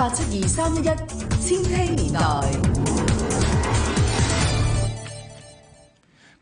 八七二三一一千禧年代，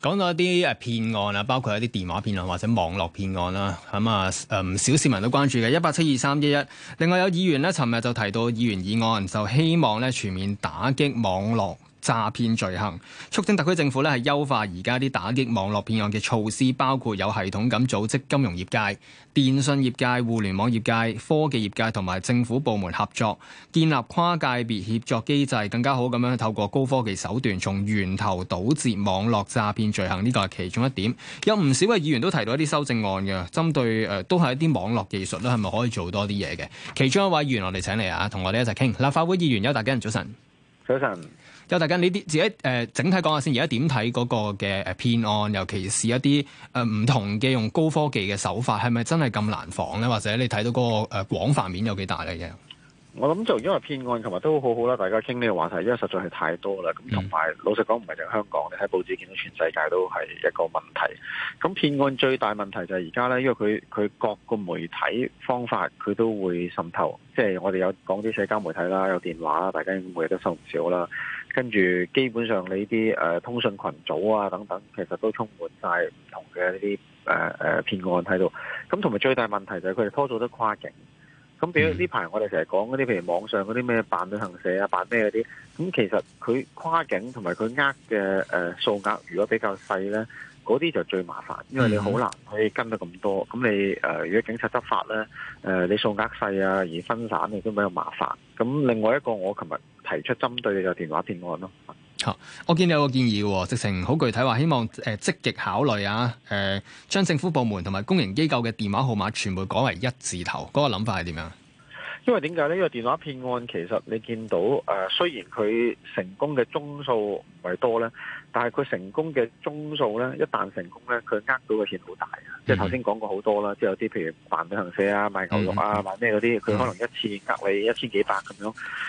講到一啲誒騙案啊，包括一啲電話騙案或者網絡騙案啦。咁、嗯、啊，唔少市民都關注嘅。一八七二三一一。另外有議員呢，尋日就提到議員議案，就希望呢全面打擊網絡。詐騙罪行，促請特區政府咧係優化而家啲打擊網絡騙案嘅措施，包括有系統咁組織金融業界、電信業界、互聯網業界、科技業界同埋政府部門合作，建立跨界別協作機制，更加好咁樣透過高科技手段從源頭堵截網絡詐騙罪行，呢個係其中一點。有唔少嘅議員都提到一啲修正案嘅，針對誒、呃、都係一啲網絡技術咧係咪可以做多啲嘢嘅？其中一位議員我，我哋請嚟啊，同我哋一齊傾。立法會議員邱達根，早晨。早晨，有大家呢啲自己誒、呃、整體講下先。而家點睇嗰個嘅誒騙案，尤其是一啲誒唔同嘅用高科技嘅手法，係咪真係咁難防咧？或者你睇到嗰、嗰個、呃、廣泛面有幾大咧？嘅？我諗就因為騙案，琴日都好好啦，大家傾呢個話題，因為實在係太多啦。咁同埋老實講，唔係淨係香港，你喺報紙見到全世界都係一個問題。咁騙案最大問題就係而家呢，因為佢佢各個媒體方法，佢都會滲透，即係我哋有講啲社交媒體啦，有電話啦，大家每日都收唔少啦。跟住基本上你啲誒、呃、通訊群組啊等等，其實都充滿晒唔同嘅呢啲誒誒騙案喺度。咁同埋最大問題就係佢哋拖咗得跨境。咁譬如呢排我哋成日講嗰啲，譬如網上嗰啲咩辦旅行社啊，辦咩嗰啲，咁其實佢跨境同埋佢呃嘅誒數額，如果比較細呢，嗰啲就最麻煩，因為你好難可以跟得咁多。咁你誒、呃、如果警察執法呢，誒、呃、你數額細啊而分散，你都比較麻煩。咁另外一個，我琴日提出針對嘅電話騙案咯。哦、我見你有個建議喎，直情好具體，話希望誒積極考慮啊，誒、呃、將政府部門同埋公營機構嘅電話號碼全部改為一字頭，嗰、那個諗法係點樣？因為點解呢個電話騙案，其實你見到誒、呃，雖然佢成功嘅宗數唔係多咧，但係佢成功嘅宗數咧，一旦成功咧，佢呃到嘅錢好大啊！嗯、即係頭先講過好多啦，即係有啲譬如辦旅行社啊、賣牛肉啊、賣咩嗰啲，佢可能一次呃你一千幾百咁樣。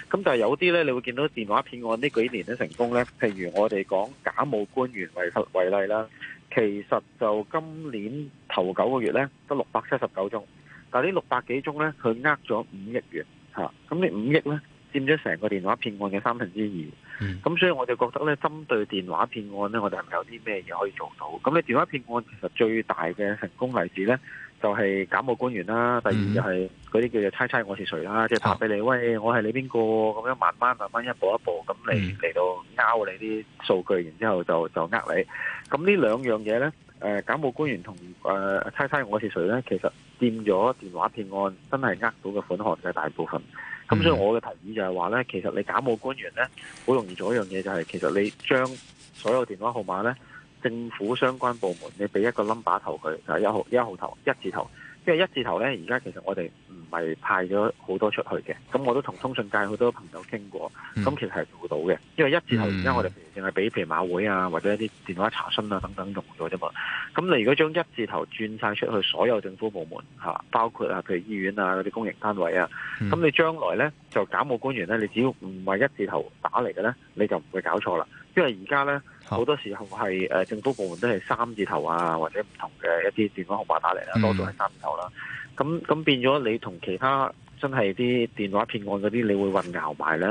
咁但係有啲咧，你會見到電話騙案呢幾年咧成功咧，譬如我哋講假冒官員為為例啦，其實就今年頭九個月咧都六百七十九宗。嗱，但呢六百幾宗咧，佢呃咗五億元，嚇、啊，咁呢五億咧，佔咗成個電話騙案嘅三分之二，咁、嗯、所以我就覺得咧，針對電話騙案咧，我哋係咪有啲咩嘢可以做到？咁你電話騙案其實最大嘅成功例子咧，就係假冒官員啦，第二就係嗰啲叫做猜猜我是誰啦，即係拍俾你，喂，我係你邊個，咁樣慢慢慢慢一步一步咁嚟嚟到呃你啲數據，然之後就就呃你。咁呢兩樣嘢咧，誒、呃，假冒官員同誒、呃、猜猜我是誰咧，其實。佔咗電話騙案真係呃到嘅款項嘅大部分，咁、嗯、所以我嘅提議就係話呢其實你假冒官員呢，好容易做一樣嘢就係、是，其實你將所有電話號碼呢，政府相關部門你俾一個 number 頭佢，就係、是、一號一號頭一字頭。因為一字頭咧，而家其實我哋唔係派咗好多出去嘅。咁我都同通訊界好多朋友傾過，咁、嗯、其實係做到嘅。因為一字頭而家我哋淨係俾譬如馬會啊，或者一啲電話查詢啊等等用咗啫嘛。咁你如果將一字頭轉晒出去，所有政府部門吓，包括啊譬如醫院啊嗰啲公營單位啊，咁、嗯、你將來咧，就假冒官員咧，你只要唔係一字頭打嚟嘅咧，你就唔會搞錯啦。因為而家咧好多時候係誒、呃、政府部門都係三字頭啊，或者唔同嘅一啲電話號碼打嚟啦，多數係三字頭啦。咁咁、嗯、變咗你同其他真係啲電話騙案嗰啲，你會混淆埋咧。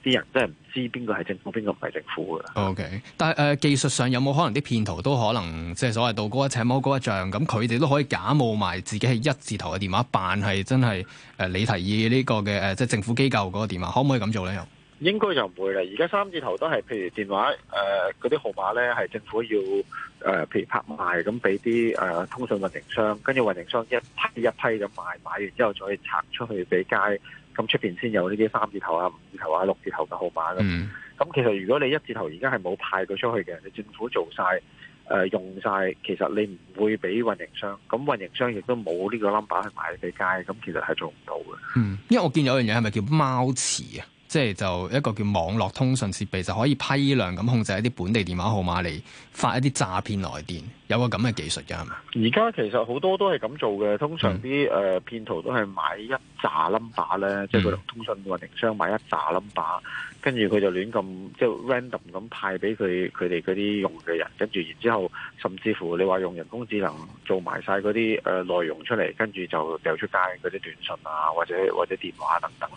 啲、嗯、人真係唔知邊個係政府，邊個唔係政府㗎。Okay. 但係誒、呃、技術上有冇可能啲騙徒都可能即係所謂道高一尺，魔高一丈？咁佢哋都可以假冒埋自己係一字頭嘅電話，扮係真係誒、呃、你提議呢個嘅誒，即係政府機構嗰個電話，可唔可以咁做咧？應該就唔會啦。而家三字頭都係，譬如電話，誒嗰啲號碼呢，係政府要誒、呃，譬如拍賣咁，俾啲誒通訊運營商，跟住運營商一批一批咁買，買完之後再拆出去俾街，咁出邊先有呢啲三字頭啊、五字頭啊、六字頭嘅號碼咁。咁、嗯、其實如果你一字頭而家係冇派佢出去嘅，你政府做晒，誒、呃、用晒，其實你唔會俾運營商，咁、嗯、運營商亦都冇呢個 number 去買俾街，咁、嗯、其實係做唔到嘅、嗯。因為我見有樣嘢係咪叫貓池啊？即係就一個叫網絡通訊設備，就可以批量咁控制一啲本地電話號碼嚟發一啲詐騙來電，有個咁嘅技術嘅係嘛？而家其實好多都係咁做嘅，通常啲誒、嗯呃、騙徒都係買一揸 number 咧，嗯、即係佢同通訊運營商買一揸 number，跟住佢就亂咁即係 random 咁派俾佢佢哋嗰啲用嘅人，跟住然之後，甚至乎你話用人工智能做埋晒嗰啲誒內容出嚟，跟住就掉出街嗰啲短信啊，或者或者電話等等。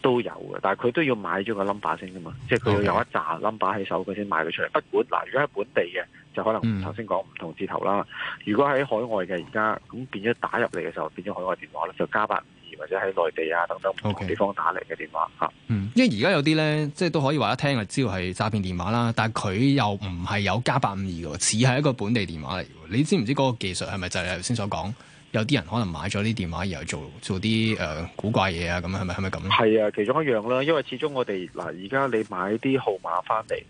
都有嘅，但係佢都要買咗個 number 先啫嘛，即係佢要有一紮 number 喺手佢先賣佢出嚟。不管嗱，如果喺本地嘅，就可能頭先講唔同字頭啦。嗯、如果喺海外嘅而家咁變咗打入嚟嘅時候，變咗海外電話咧，就加八五二或者喺內地啊等等唔同地方打嚟嘅電話嚇 Okay.、嗯。因為而家有啲咧，即係都可以話一聽啊，知道係詐騙電話啦。但係佢又唔係有加八五二嘅，似係一個本地電話嚟。你知唔知嗰個技術係咪就係你頭先所講？有啲人可能買咗啲電話而嚟做做啲誒、呃、古怪嘢啊，咁樣係咪係咪咁咧？係啊，其中一樣啦，因為始終我哋嗱而家你買啲號碼翻嚟，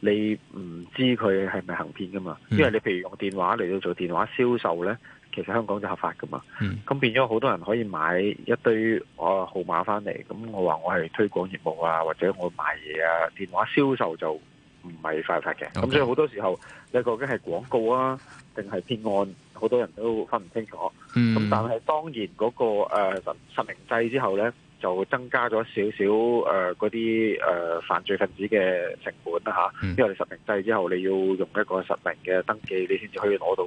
你唔知佢係咪行騙噶嘛？因為你譬如用電話嚟到做電話銷售咧，其實香港就合法噶嘛。咁、嗯、變咗好多人可以買一堆啊號碼翻嚟，咁我話我係推廣業務啊，或者我買嘢啊，電話銷售就。唔係快法嘅，咁 Okay. 所以好多時候你究竟係廣告啊，定係騙案，好多人都分唔清楚。咁、mm. 但係當然嗰、嗰個誒、呃、實名制之後呢。就增加咗少少誒嗰啲誒犯罪分子嘅成本啦吓，啊，因為你實名制之後，你要用一個實名嘅登記，你先至可以攞到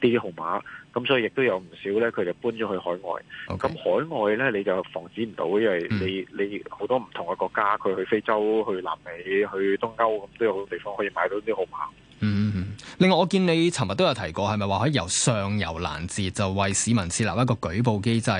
啲號碼，咁所以亦都有唔少咧，佢就搬咗去海外。咁 Okay. 海外咧你就防止唔到，因為你、嗯、你好多唔同嘅國家，佢去非洲、去南美、去東歐，咁都有好多地方可以買到啲號碼，嗯、嗯嗯，另外我見你尋日都有提過，係咪話可以由上游攔截，就為市民設立一個舉報機制？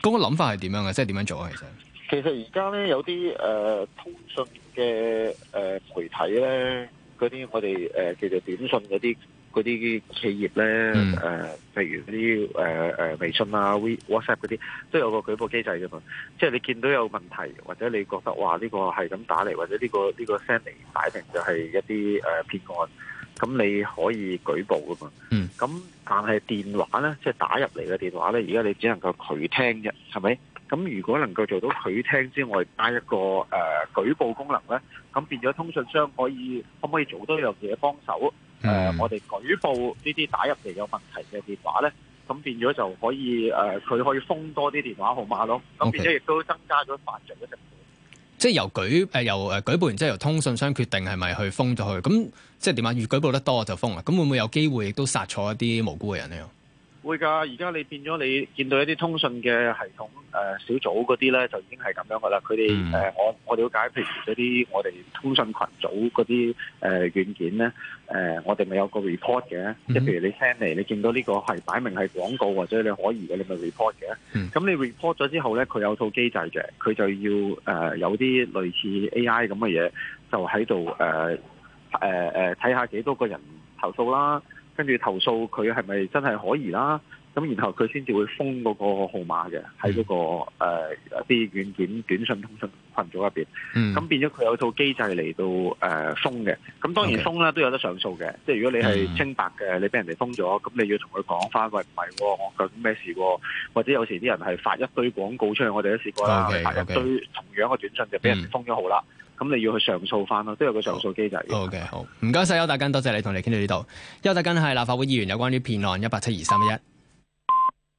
嗰個諗法係點樣嘅？即係點樣做啊？其實其實而家咧有啲誒、呃、通訊嘅誒媒體咧，嗰啲我哋誒叫做短信嗰啲嗰啲企業咧，誒譬、嗯呃、如嗰啲誒誒微信啊、We WhatsApp 嗰啲，都有個舉報機制㗎嘛。即係你見到有問題，或者你覺得哇呢、呢個係咁打嚟，或者呢、呢個呢、呢個 send 嚟擺明就係一啲誒騙案。咁你可以舉報㗎嘛？嗯。咁但係電話咧，即、就、係、是、打入嚟嘅電話咧，而家你只能夠拒聽啫，係咪？咁如果能夠做到拒聽之外，加一個誒、呃、舉報功能咧，咁變咗通訊商可以可唔可以做多樣嘢幫手？誒、呃，我哋舉報呢啲打入嚟有問題嘅電話咧，咁變咗就可以誒，佢、呃、可以封多啲電話號碼咯。咁變咗亦都增加咗範圍嘅情況。即係由舉誒、呃、由誒、呃、舉報完之後，由通訊商決定係咪去封咗佢。咁即係點啊？越舉報得多就封啦。咁會唔會有機會亦都殺錯一啲無辜嘅人咧？會噶，而家你變咗你見到一啲通訊嘅系統誒小組嗰啲咧，就已經係咁樣噶啦。佢哋誒，我我瞭解，譬如嗰啲我哋通訊群組嗰啲誒軟件咧，誒、呃、我哋咪有個 report 嘅，即係、mm hmm. 譬如你 send 嚟，你見到呢個係擺明係廣告或者你可疑嘅，你咪 report 嘅。咁、mm hmm. 你 report 咗之後咧，佢有套機制嘅，佢就要誒、呃、有啲類似 AI 咁嘅嘢，就喺度誒誒誒睇下幾多個人投訴啦。跟住投訴佢係咪真係可疑啦？咁然後佢先至會封嗰個號碼嘅，喺嗰個呃、一啲軟件短信通訊群組入邊。咁、嗯、變咗佢有套機制嚟到誒、呃、封嘅。咁當然封啦，都 Okay. 有得上訴嘅。即係如果你係清白嘅，你俾人哋封咗，咁、嗯、你要同佢講翻，喂，唔係我，究竟咩事喎？或者有時啲人係發一堆廣告出去，我哋都試過啦，okay, okay. 發一堆同樣嘅短信就俾人封咗號啦。嗯咁你要去上訴翻咯，都有個上訴機制。OK，好，好，好，唔該晒。邱達根，多謝，謝你同你哋傾到呢度。邱達根係立法會議員，有關於騙案一八七二三一。